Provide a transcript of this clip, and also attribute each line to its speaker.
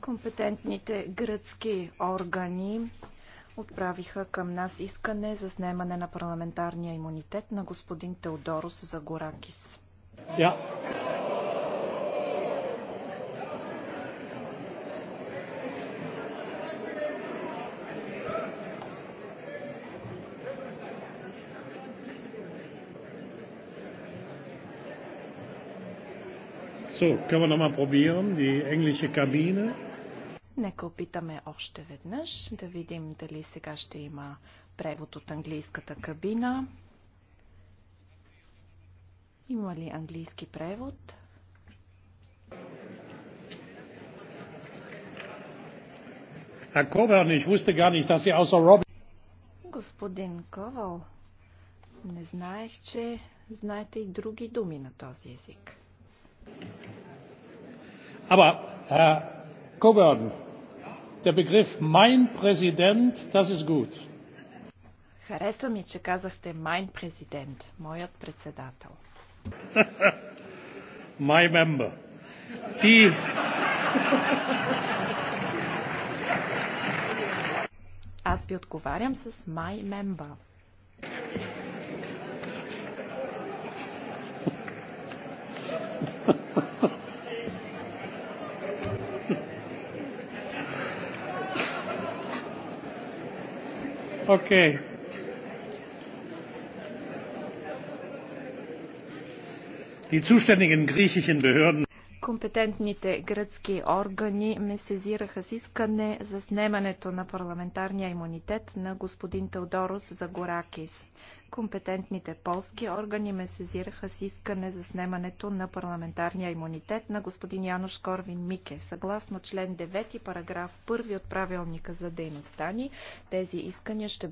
Speaker 1: Компетентните гръцки органи отправиха към нас искане за снемане на парламентарния имунитет на господин Теодорос Загоракис. Yeah. So, können wir nochmal probieren, die englische Kabine. Нека опитаме още веднъж да видим дали сега ще има превод от английската кабина. Има ли английски превод? Господин Ковал, не знаех, че знаете и други думи на този език aber herr coburn der begriff mein präsident das ist gut. Хареса ми, че казахте mein Präsident, моят председател. My member. Die... Аз ви отговарям с my member. Okay. die zuständigen griechischen behörden Компетентните гръцки органи ме сезираха с искане за снемането на парламентарния имунитет на господин Теодорос Загоракис. Компетентните полски органи ме сезираха с искане за снемането на парламентарния имунитет на господин Янош Корвин Мике. Съгласно член 9, параграф 1 от правилника за дейността ни, тези искания ще